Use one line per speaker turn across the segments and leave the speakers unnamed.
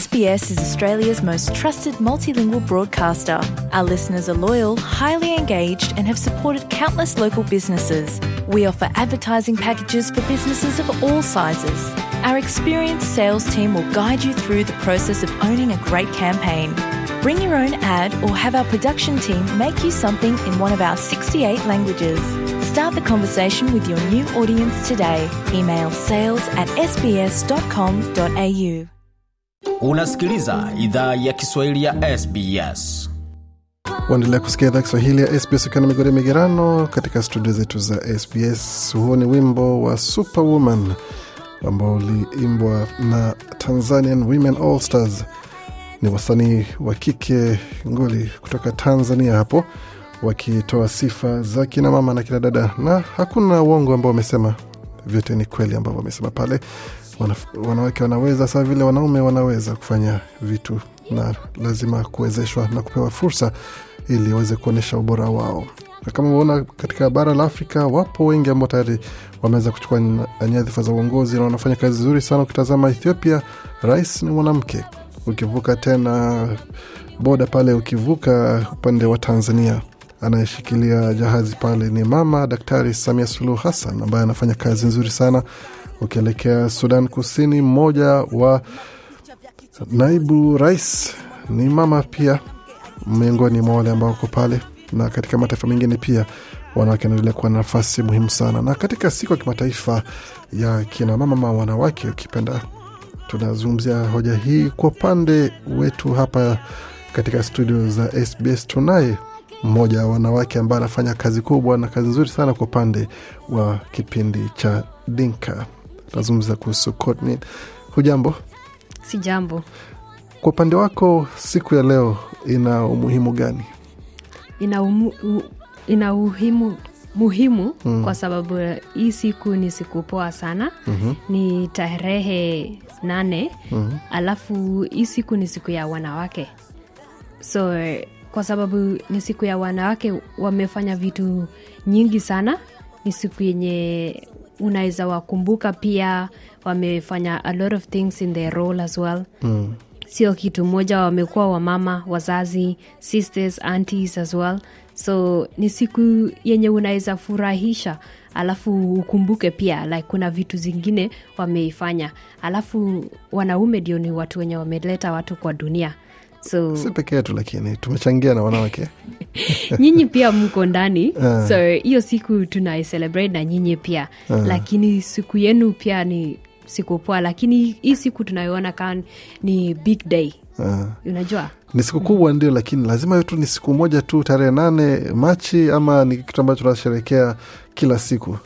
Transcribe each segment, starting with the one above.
SBS is Australia's most trusted multilingual broadcaster. Our listeners are loyal, highly engaged, and have supported countless local businesses. We offer advertising packages for businesses of all sizes. Our experienced sales team will guide you through the process of owning a great campaign. Bring your own ad or have our production team make you something in one of our 68 languages. Start the conversation with your new audience today. Email sales at sbs.com.au.
Unasikiliza idhaa ya Kiswahili ya SBS. Waendelea kusikia idhaa Kiswahili ya SBS ukiwa na migodi migerano katika studio zetu za SBS. Huo ni wimbo wa Superwoman ambao uliimbwa na Tanzanian Women All Stars. Ni wasanii wa kike ngoli kutoka Tanzania hapo wakitoa sifa za kina mama na kina dada, na hakuna uongo ambao wamesema, vyote ni kweli ambavyo wamesema pale wanawake wanaweza saa vile wanaume wanaweza kufanya vitu, na lazima kuwezeshwa na kupewa fursa ili waweze kuonyesha ubora wao. Na kama umeona katika bara la Afrika wapo wengi ambao tayari wameweza kuchukua nyadhifa za uongozi na wanafanya kazi nzuri sana. Ukitazama Ethiopia, rais ni mwanamke. Ukivuka tena boda pale, ukivuka upande wa Tanzania, anayeshikilia jahazi pale ni mama Daktari Samia Suluhu Hassan ambaye anafanya kazi nzuri sana Ukielekea Sudan Kusini, mmoja wa naibu rais ni mama pia, miongoni mwa wale ambao wako pale, na katika mataifa mengine pia wanawake wanaendelea kuwa na nafasi muhimu sana. Na katika siku ya kimataifa ya kinamama ma wanawake, ukipenda, tunazungumzia hoja hii kwa upande wetu hapa katika studio za SBS. Tunaye mmoja wa wanawake ambaye anafanya kazi kubwa na kazi nzuri sana kwa upande wa kipindi cha Dinka tunazungumza kuhusu Hujambo?
Si jambo.
Kwa upande wako, siku ya leo ina umuhimu gani?
Ina, umu, u, ina uhimu muhimu mm. kwa sababu hii siku ni siku poa sana mm-hmm. ni tarehe nane mm-hmm. alafu hii siku ni siku ya wanawake so kwa sababu ni siku ya wanawake wamefanya vitu nyingi sana ni siku yenye unaweza wakumbuka pia wamefanya a lot of things in their role as well mm. sio kitu moja wamekuwa wamama wazazi sisters aunties as well so ni siku yenye unaweza furahisha alafu ukumbuke pia like kuna vitu zingine wameifanya alafu wanaume ndio ni watu wenye wameleta watu kwa dunia so si
peke yetu lakini tumechangia na wanawake
nyinyi pia mko ndani uh. so hiyo siku tunaicelebrate na nyinyi pia uh. lakini siku yenu pia ni siku poa lakini hii siku tunayoona kaa ni big day uh. unajua
ni siku kubwa ndio, lakini lazima tu ni siku moja tu, tarehe nane Machi, ama ni kitu ambacho tunasherekea kila siku?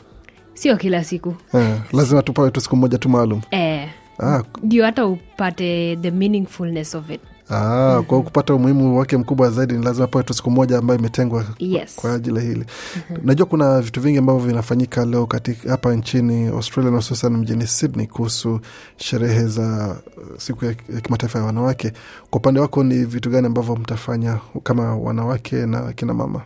Sio kila siku
eh, lazima tupawe tu siku moja tu maalum
eh, ndio ah. hata upate the meaningfulness
of it Ah, kwa kupata umuhimu wake mkubwa zaidi ni lazima pawe tu siku moja ambayo imetengwa yes, kwa ajili hili. mm -hmm. Najua kuna vitu vingi ambavyo vinafanyika leo katika hapa nchini Australia na hususan mjini Sydney kuhusu sherehe za uh, siku ya kimataifa ya wanawake. Kwa upande wako ni vitu gani ambavyo mtafanya kama wanawake na kina mama?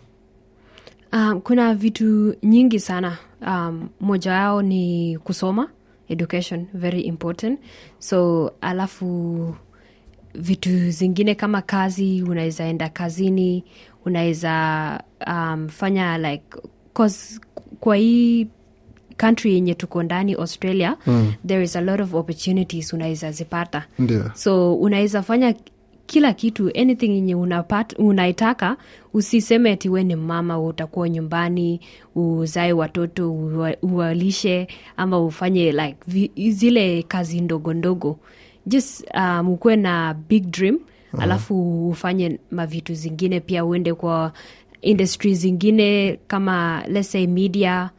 Um, kuna vitu nyingi sana um, moja yao ni kusoma, education very important, so alafu vitu zingine kama kazi unaweza enda kazini unaweza um, fanya like cause kwa hii country yenye tuko ndani australia mm. there is a lot of opportunities unaweza zipata yeah. so unaweza fanya kila kitu anything yenye unaitaka usiseme ati we ni mama utakuwa nyumbani uzae watoto uwalishe ama ufanye like zile kazi ndogo ndogo just um, ukuwe na big dream uh-huh. alafu ufanye mavitu zingine pia uende kwa industry zingine kama let's say media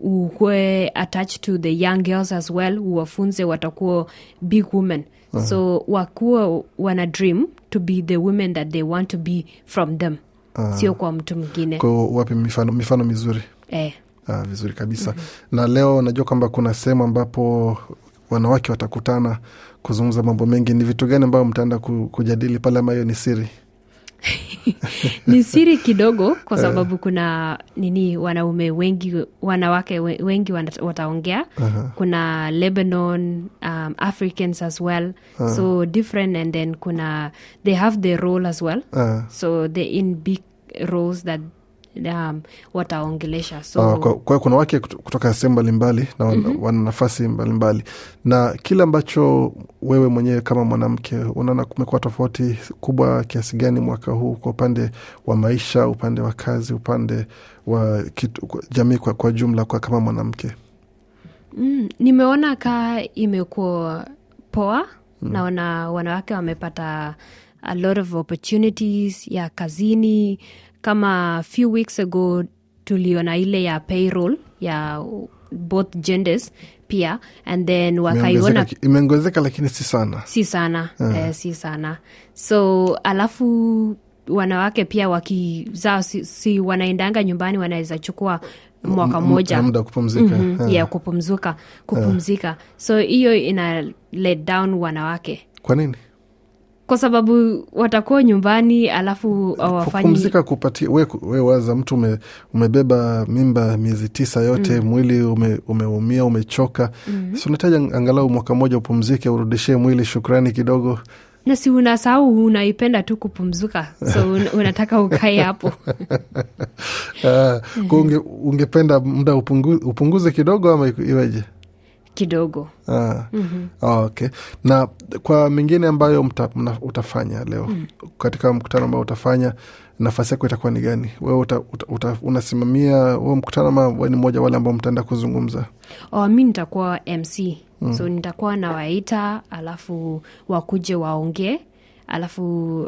ukuwe attached to the young girls as well uwafunze watakuwa big women uh-huh. so wakuwa wana dream to be the women that they want to be from them uh-huh. sio kwa mtu mwingine
wapi mifano, mifano mizuri eh. Ah, vizuri kabisa mm-hmm. na leo najua kwamba kuna sehemu ambapo wanawake watakutana kuzungumza mambo mengi. Ni vitu gani ambayo mtaenda kujadili pale, ama hiyo ni siri?
ni siri kidogo, kwa eh. sababu kuna nini, wanaume wengi, wanawake wengi wataongea. uh-huh. kuna Lebanon, um, Africans as well uh-huh. so different and then kuna they have their role as well uh-huh. so they in big roles that um, wataongelesha so... Uh, kwa,
kwa kuna wake kutoka sehemu mbalimbali na wana, mm -hmm. wana nafasi mbalimbali na kile ambacho wewe mwenyewe kama mwanamke unaona kumekuwa tofauti kubwa kiasi gani mwaka huu kwa upande wa maisha, upande wa kazi, upande wa kitu, kwa, jamii kwa, kwa jumla kwa kama mwanamke?
Mm, nimeona kaa imekuwa poa mm. Naona wanawake wamepata a lot of opportunities ya kazini kama few weeks ago tuliona ile ya payroll ya both genders pia and then wakaiona
imeongezeka lakini si sana
si sana -huh. Eh. eh, si sana so alafu wanawake pia wakizaa si, si wanaendanga nyumbani wanaweza chukua
mwaka mmoja muda kupumzika mm -hmm, yeah,
kupumzika
kupumzika
yeah. so hiyo ina let down wanawake kwa nini kwa sababu watakuwa nyumbani alafu awafanyipumzika
kupatia we, we waza mtu ume, umebeba mimba miezi tisa yote mm. mwili ume, umeumia umechoka mm-hmm. si unahitaji angalau mwaka mmoja upumzike urudishie mwili shukrani kidogo
na si unasahau unaipenda tu kupumzuka so un, unataka ukae hapo
uh, unge, ungependa muda upungu, upunguze kidogo ama iweje kidogo. Ah, mm -hmm. Okay. Na kwa mengine ambayo mta, mna, utafanya leo mm. katika mkutano ambao utafanya, nafasi yako itakuwa ni gani? Wewe uta, uta, uta, unasimamia huo mkutano ma we ni mmoja wale ambao mtaenda kuzungumza?
Oh, mi nitakuwa MC mm. so nitakuwa nawaita alafu wakuje waongee alafu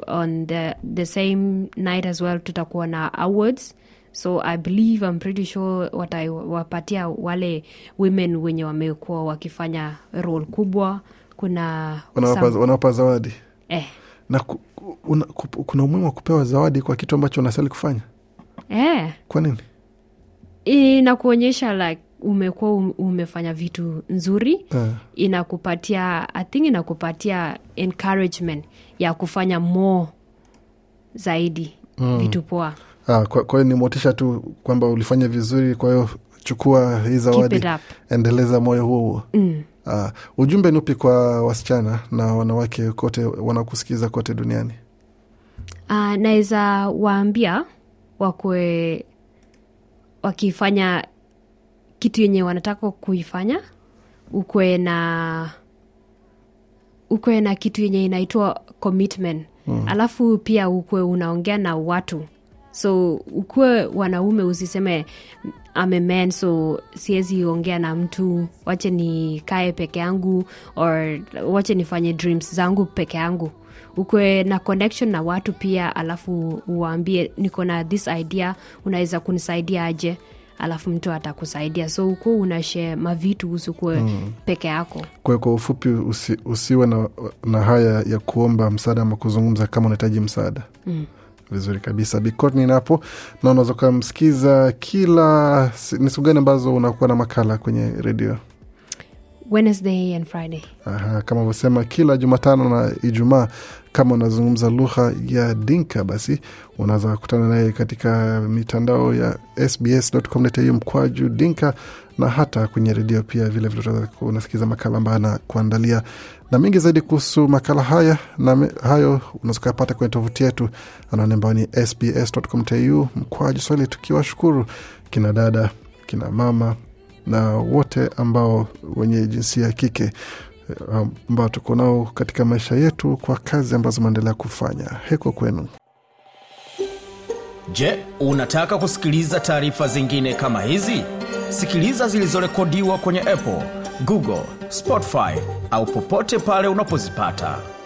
on the, the same night as well tutakuwa na awards so I believe, I'm pretty sure watawapatia wale women wenye wamekuwa wakifanya rol kubwa, kuna wanawapa zawadi eh.
Na ku, una, ku, kuna umuhimu wa kupewa zawadi kwa kitu ambacho unasali kufanya eh. Kwa nini?
Inakuonyesha like umekuwa um-, umefanya vitu nzuri uh. Inakupatia I think inakupatia encouragement ya kufanya more zaidi
mm. vitu poa Ah, kwa hiyo ni motisha tu kwamba ulifanya vizuri, kwa hiyo chukua hii zawadi, endeleza moyo huo huo. Mm. uh, ujumbe ni upi kwa wasichana na wanawake kote wanakusikiza kote duniani?
uh, naweza waambia wakwe wakifanya kitu yenye wanataka kuifanya, ukwe na ukwe na kitu yenye inaitwa commitment. Mm. Alafu pia ukwe unaongea na watu so ukuwe wanaume usiseme amemen so siwezi ongea na mtu wache nikae peke yangu or wache nifanye dreams zangu peke yangu ukwe na connection na watu pia alafu uwambie niko na this idea unaweza kunisaidia aje alafu mtu atakusaidia so ukuwe unashee mavitu usikuwe mm. peke yako
kwa, kwa ufupi usi, usiwe na, na haya ya kuomba msaada ama kuzungumza kama unahitaji msaada mm Vizuri kabisa Bicornin napo na unaweza ukamsikiza kila ni siku gani ambazo unakuwa na makala kwenye redio?
Wednesday and Friday.
Aha, kama unavyosema kila Jumatano na Ijumaa, kama unazungumza lugha ya Dinka, basi unaweza kukutana naye katika mitandao ya sbs.com.au mkwaju Dinka, na hata kwenye redio pia vilevile vile unasikiza makala ambayo anakuandalia na mengi zaidi kuhusu makala haya na hayo unaweza kuyapata kwenye tovuti yetu anaone ambayo ni sbs.com.au mkwaju Swahili, tukiwashukuru kina dada kina mama na wote ambao wenye jinsia ya kike eh, ambao tuko nao katika maisha yetu kwa kazi ambazo mnaendelea kufanya. Heko kwenu. Je, unataka kusikiliza taarifa zingine kama hizi? Sikiliza zilizorekodiwa kwenye Apple, Google, Spotify au popote pale unapozipata.